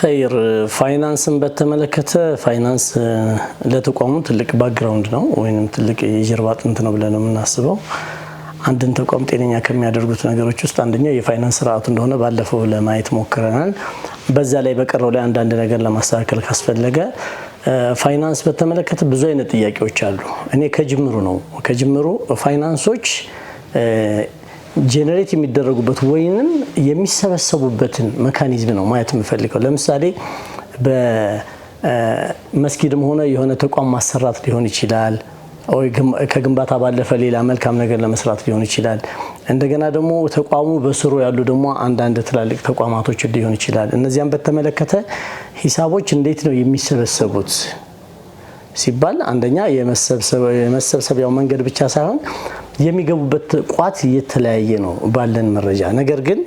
ኸይር ፋይናንስን በተመለከተ ፋይናንስ ለተቋሙ ትልቅ ባክግራውንድ ነው ወይም ትልቅ የጀርባ አጥንት ነው ብለን የምናስበው። አንድን ተቋም ጤነኛ ከሚያደርጉት ነገሮች ውስጥ አንደኛው የፋይናንስ ስርዓቱ እንደሆነ ባለፈው ለማየት ሞክረናል። በዛ ላይ በቀረው ላይ አንዳንድ ነገር ለማስተካከል ካስፈለገ ፋይናንስ በተመለከተ ብዙ አይነት ጥያቄዎች አሉ። እኔ ከጅምሩ ነው ከጅምሩ ፋይናንሶች ጄኔሬት የሚደረጉበት ወይንም የሚሰበሰቡበትን መካኒዝም ነው ማየት የምፈልገው። ለምሳሌ በመስጊድም ሆነ የሆነ ተቋም ማሰራት ሊሆን ይችላል። ከግንባታ ባለፈ ሌላ መልካም ነገር ለመስራት ሊሆን ይችላል። እንደገና ደግሞ ተቋሙ በስሩ ያሉ ደግሞ አንዳንድ ትላልቅ ተቋማቶች ሊሆን ይችላል። እነዚያም በተመለከተ ሂሳቦች እንዴት ነው የሚሰበሰቡት ሲባል አንደኛ የመሰብሰቢያው መንገድ ብቻ ሳይሆን የሚገቡበት ቋት የተለያየ ነው ባለን መረጃ። ነገር ግን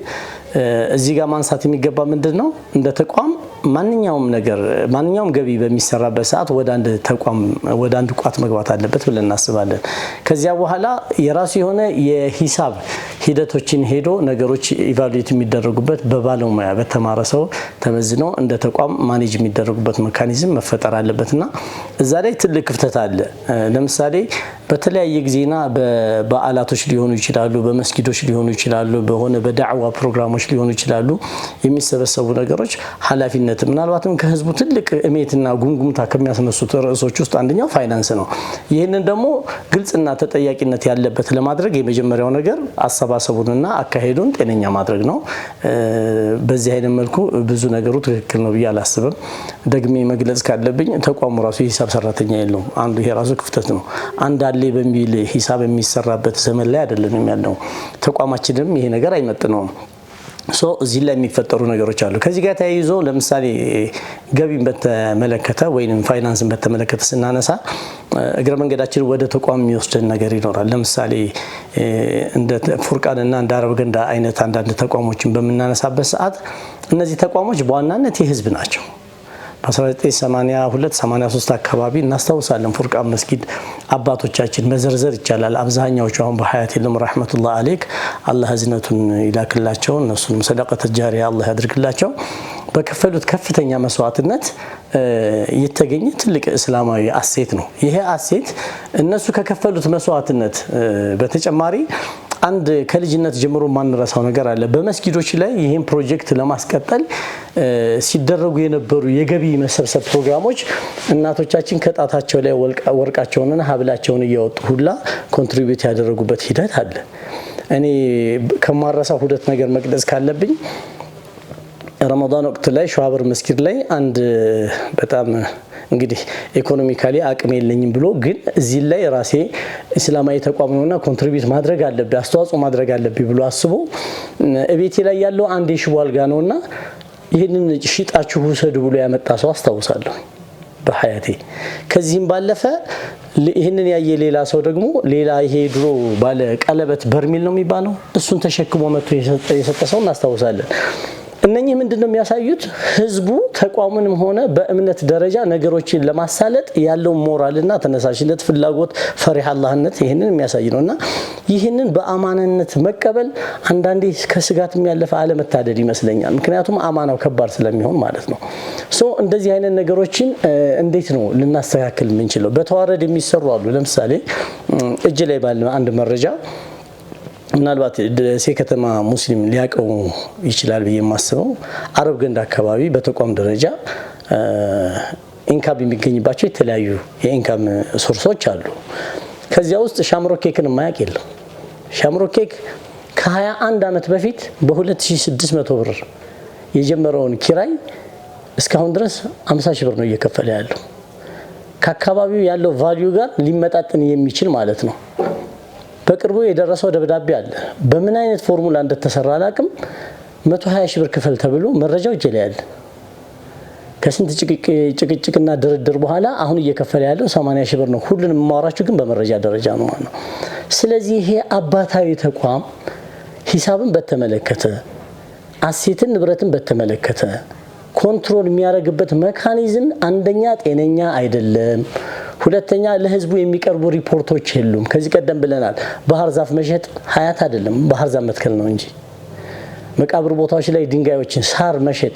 እዚህ ጋር ማንሳት የሚገባ ምንድን ነው እንደ ተቋም ማንኛውም ነገር ማንኛውም ገቢ በሚሰራበት ሰዓት ወደ አንድ ተቋም ወደ አንድ ቋት መግባት አለበት ብለን እናስባለን። ከዚያ በኋላ የራሱ የሆነ የሂሳብ ሂደቶችን ሄዶ ነገሮች ኢቫሉዌት የሚደረጉበት በባለሙያ በተማረ ሰው ተመዝኖ እንደ ተቋም ማኔጅ የሚደረጉበት ሜካኒዝም መፈጠር አለበት እና እዛ ላይ ትልቅ ክፍተት አለ። ለምሳሌ በተለያየ ጊዜና በበዓላቶች ሊሆኑ ይችላሉ፣ በመስጊዶች ሊሆኑ ይችላሉ፣ በሆነ በዳዕዋ ፕሮግራሞች ሊሆኑ ይችላሉ። የሚሰበሰቡ ነገሮች ኃላፊነት ምናልባትም ከህዝቡ ትልቅ እሜትና ጉምጉምታ ከሚያስነሱት ርዕሶች ውስጥ አንደኛው ፋይናንስ ነው። ይህንን ደግሞ ግልጽና ተጠያቂነት ያለበት ለማድረግ የመጀመሪያው ነገር አሰባሰቡንና አካሄዱን ጤነኛ ማድረግ ነው። በዚህ አይነት መልኩ ብዙ ነገሩ ትክክል ነው ብዬ አላስብም። ደግሜ መግለጽ ካለብኝ ተቋሙ ራሱ የሂሳብ ሰራተኛ የለውም። አንዱ ይሄ ራሱ ክፍተት ነው። አንድ ያሌ በሚል ሂሳብ የሚሰራበት ዘመን ላይ አይደለንም ያለው። ተቋማችንም ይሄ ነገር አይመጥነውም። ሶ እዚህ ላይ የሚፈጠሩ ነገሮች አሉ። ከዚህ ጋር ተያይዞ ለምሳሌ ገቢን በተመለከተ ወይም ፋይናንስን በተመለከተ ስናነሳ እግረ መንገዳችን ወደ ተቋም የሚወስደን ነገር ይኖራል። ለምሳሌ እንደ ፉርቃንና እንደ አረብ ገንዳ አይነት አንዳንድ ተቋሞችን በምናነሳበት ሰዓት እነዚህ ተቋሞች በዋናነት የህዝብ ናቸው። በ1982 83 አካባቢ እናስታውሳለን። ፉርቃን መስጊድ አባቶቻችን መዘርዘር ይቻላል። አብዛኛዎቹ አሁን በሀያት የለም ረሕመቱላ አሌክ አላህ ህዝነቱን ይላክላቸው፣ እነሱንም ሰደቀተ ጃሪያ አላህ ያድርግላቸው። በከፈሉት ከፍተኛ መስዋዕትነት የተገኘ ትልቅ እስላማዊ አሴት ነው። ይሄ አሴት እነሱ ከከፈሉት መስዋዕትነት በተጨማሪ አንድ ከልጅነት ጀምሮ የማንረሳው ነገር አለ። በመስጊዶች ላይ ይህን ፕሮጀክት ለማስቀጠል ሲደረጉ የነበሩ የገቢ መሰብሰብ ፕሮግራሞች እናቶቻችን ከጣታቸው ላይ ወርቃቸውንና ሀብላቸውን እያወጡ ሁላ ኮንትሪቢዩት ያደረጉበት ሂደት አለ። እኔ ከማረሳው ሁለት ነገር መቅደስ ካለብኝ ረመዳን ወቅት ላይ ሸዋበር መስጊድ ላይ አንድ በጣም እንግዲህ ኢኮኖሚካሊ አቅም የለኝም ብሎ ግን እዚህ ላይ ራሴ እስላማዊ ተቋም ነውና ኮንትሪቢዩት ማድረግ አለብኝ አስተዋጽኦ ማድረግ አለብኝ ብሎ አስቦ እቤቴ ላይ ያለው አንድ የሽቦ አልጋ ነውና ይህንን ሽጣችሁ ውሰዱ ብሎ ያመጣ ሰው አስታውሳለሁ በሀያቴ። ከዚህም ባለፈ ይህንን ያየ ሌላ ሰው ደግሞ ሌላ ይሄ ድሮ ባለ ቀለበት በርሚል ነው የሚባለው እሱን ተሸክሞ መጥቶ የሰጠ ሰው እናስታውሳለን። እነኚህ ምንድን ነው የሚያሳዩት? ህዝቡ ተቋሙንም ሆነ በእምነት ደረጃ ነገሮችን ለማሳለጥ ያለው ሞራልና ተነሳሽነት፣ ፍላጎት፣ ፈሪሃ አላህነት ይህንን የሚያሳይ ነው እና ይህንን በአማንነት መቀበል አንዳንዴ ከስጋት የሚያለፈ አለመታደድ ይመስለኛል። ምክንያቱም አማናው ከባድ ስለሚሆን ማለት ነው። ሶ እንደዚህ አይነት ነገሮችን እንዴት ነው ልናስተካክል የምንችለው? በተዋረድ የሚሰሩ አሉ። ለምሳሌ እጅ ላይ ባለ አንድ መረጃ ምናልባት ደሴ ከተማ ሙስሊም ሊያቀው ይችላል ብዬ የማስበው አረብ ገንድ አካባቢ በተቋም ደረጃ ኢንካም የሚገኝባቸው የተለያዩ የኢንካም ሶርሶች አሉ። ከዚያ ውስጥ ሻምሮ ኬክን የማያውቅ የለም። ሻምሮ ኬክ ከ21 ዓመት በፊት በ2600 ብር የጀመረውን ኪራይ እስካሁን ድረስ 50 ሺህ ብር ነው እየከፈለ ያለው። ከአካባቢው ያለው ቫሊዩ ጋር ሊመጣጥን የሚችል ማለት ነው። በቅርቡ የደረሰው ደብዳቤ አለ። በምን አይነት ፎርሙላ እንደተሰራ አላቅም። መቶ ሀያ ብር ክፈል ተብሎ መረጃው እጄ ላይ ያለ ከስንት ጭቅጭቅና ድርድር በኋላ አሁን እየከፈለ ያለው ሰማንያ ሺ ብር ነው። ሁሉንም የማወራችሁ ግን በመረጃ ደረጃ ነው ማለት ነው። ስለዚህ ይሄ አባታዊ ተቋም ሂሳብን በተመለከተ አሴትን ንብረትን በተመለከተ ኮንትሮል የሚያደርግበት መካኒዝም አንደኛ ጤነኛ አይደለም። ሁለተኛ ለህዝቡ የሚቀርቡ ሪፖርቶች የሉም። ከዚህ ቀደም ብለናል፣ ባህር ዛፍ መሸጥ ሀያት አይደለም፣ ባህር ዛፍ መትከል ነው እንጂ መቃብር ቦታዎች ላይ ድንጋዮችን፣ ሳር መሸጥ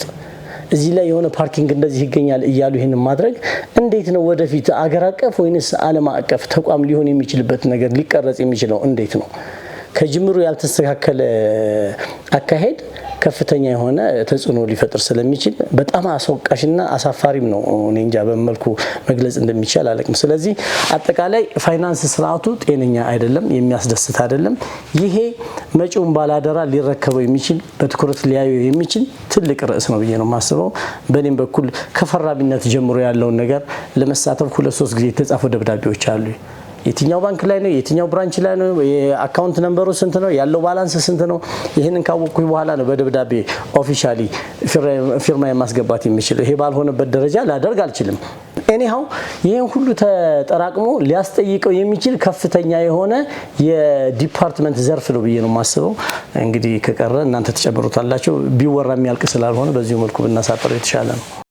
እዚህ ላይ የሆነ ፓርኪንግ እንደዚህ ይገኛል እያሉ ይህንን ማድረግ እንዴት ነው ወደፊት አገር አቀፍ ወይንስ ዓለም አቀፍ ተቋም ሊሆን የሚችልበት ነገር ሊቀረጽ የሚችለው እንዴት ነው? ከጅምሩ ያልተስተካከለ አካሄድ ከፍተኛ የሆነ ተጽዕኖ ሊፈጥር ስለሚችል በጣም አስወቃሽና አሳፋሪም ነው። እኔ እንጃ በመልኩ መግለጽ እንደሚቻል አለቅም። ስለዚህ አጠቃላይ ፋይናንስ ስርዓቱ ጤነኛ አይደለም፣ የሚያስደስት አይደለም። ይሄ መጪውን ባላደራ ሊረከበው የሚችል በትኩረት ሊያዩ የሚችል ትልቅ ርዕስ ነው ብዬ ነው የማስበው። በእኔም በኩል ከፈራቢነት ጀምሮ ያለውን ነገር ለመሳተፍ ሁለት ሶስት ጊዜ የተጻፉ ደብዳቤዎች አሉ። የትኛው ባንክ ላይ ነው፣ የትኛው ብራንች ላይ ነው፣ የአካውንት ነንበሩ ስንት ነው፣ ያለው ባላንስ ስንት ነው። ይህንን ካወቅኩኝ በኋላ ነው በደብዳቤ ኦፊሻሊ ፊርማ የማስገባት የሚችል። ይሄ ባልሆነበት ደረጃ ላደርግ አልችልም። ኤኒሃው ይህን ሁሉ ተጠራቅሞ ሊያስጠይቀው የሚችል ከፍተኛ የሆነ የዲፓርትመንት ዘርፍ ነው ብዬ ነው የማስበው። እንግዲህ ከቀረ እናንተ ተጨምሩታላችሁ። ቢወራ የሚያልቅ ስላልሆነ በዚሁ መልኩ ብናሳጠረው የተሻለ ነው።